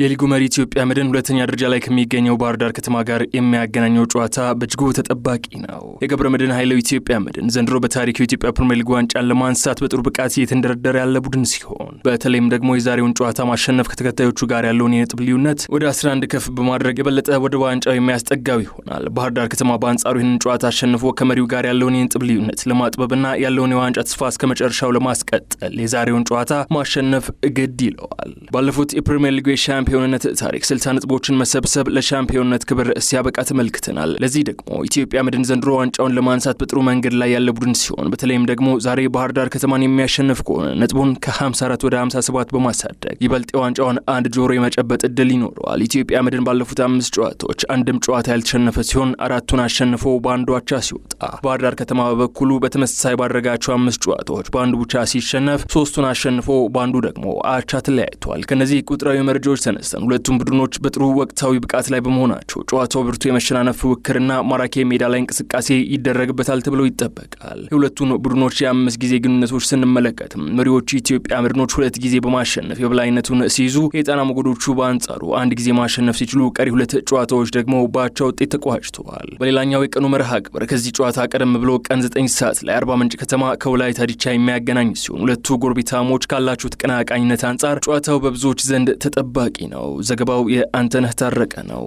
የሊጉ መሪ ኢትዮጵያ መድን ሁለተኛ ደረጃ ላይ ከሚገኘው ባህር ዳር ከተማ ጋር የሚያገናኘው ጨዋታ በእጅጉ ተጠባቂ ነው። የገብረ መድን ኃይለው ኢትዮጵያ መድን ዘንድሮ በታሪክ የኢትዮጵያ ፕሪምየር ሊግ ዋንጫን ለማንሳት በጥሩ ብቃት እየተንደረደረ ያለ ቡድን ሲሆን በተለይም ደግሞ የዛሬውን ጨዋታ ማሸነፍ ከተከታዮቹ ጋር ያለውን የነጥብ ልዩነት ወደ 11 ከፍ በማድረግ የበለጠ ወደ ዋንጫው የሚያስጠጋው ይሆናል። ባህር ዳር ከተማ በአንጻሩ ይህንን ጨዋታ አሸንፎ ከመሪው ጋር ያለውን የነጥብ ልዩነት ለማጥበብና ያለውን የዋንጫ ተስፋ እስከ መጨረሻው ለማስቀጠል የዛሬውን ጨዋታ ማሸነፍ ግድ ይለዋል። ባለፉት የፕሪምየር ሊግ የሻምፒዮንነት ታሪክ ስልሳ ነጥቦችን መሰብሰብ ለሻምፒዮንነት ክብር ሲያበቃ ተመልክተናል። ለዚህ ደግሞ ኢትዮጵያ መድን ዘንድሮ ዋንጫውን ለማንሳት በጥሩ መንገድ ላይ ያለ ቡድን ሲሆን በተለይም ደግሞ ዛሬ ባህር ዳር ከተማን የሚያሸንፍ ከሆነ ነጥቡን ከ54 ወደ 57 በማሳደግ ይበልጥ የዋንጫውን አንድ ጆሮ የመጨበጥ እድል ይኖረዋል። ኢትዮጵያ መድን ባለፉት አምስት ጨዋታዎች አንድም ጨዋታ ያልተሸነፈ ሲሆን አራቱን አሸንፎ በአንዱ አቻ ሲወጣ፣ ባህር ዳር ከተማ በበኩሉ በተመሳሳይ ባደረጋቸው አምስት ጨዋታዎች በአንዱ ብቻ ሲሸነፍ ሶስቱን አሸንፎ በአንዱ ደግሞ አቻ ተለያይቷል። ከነዚህ ቁጥራዊ መረጃዎች ተነስተን ሁለቱም ቡድኖች በጥሩ ወቅታዊ ብቃት ላይ በመሆናቸው ጨዋታው ብርቱ የመሸናነፍ ፉክክርና ማራኪ ሜዳ ላይ እንቅስቃሴ ይደረግበታል ተብሎ ይጠበቃል። የሁለቱን ቡድኖች የአምስት ጊዜ ግንኙነቶች ስንመለከት መሪዎቹ ኢትዮጵያ መድኖች ሁለት ጊዜ በማሸነፍ የበላይነቱን ሲይዙ፣ የጣና ሞገዶቹ በአንጻሩ አንድ ጊዜ ማሸነፍ ሲችሉ፣ ቀሪ ሁለት ጨዋታዎች ደግሞ በአቻ ውጤት ተቋጭተዋል። በሌላኛው የቀኑ መርሃ ግብር ከዚህ ጨዋታ ቀደም ብሎ ቀን 9 ሰዓት ላይ አርባ ምንጭ ከተማ ከወላይታ ዲቻ የሚያገናኝ ሲሆን ሁለቱ ጎረቤታሞች ካላቸው ተቀናቃኝነት አንጻር ጨዋታው በብዙዎች ዘንድ ተጠባቂ ነው። ዘገባው የአንተነህ ታረቀ ነው።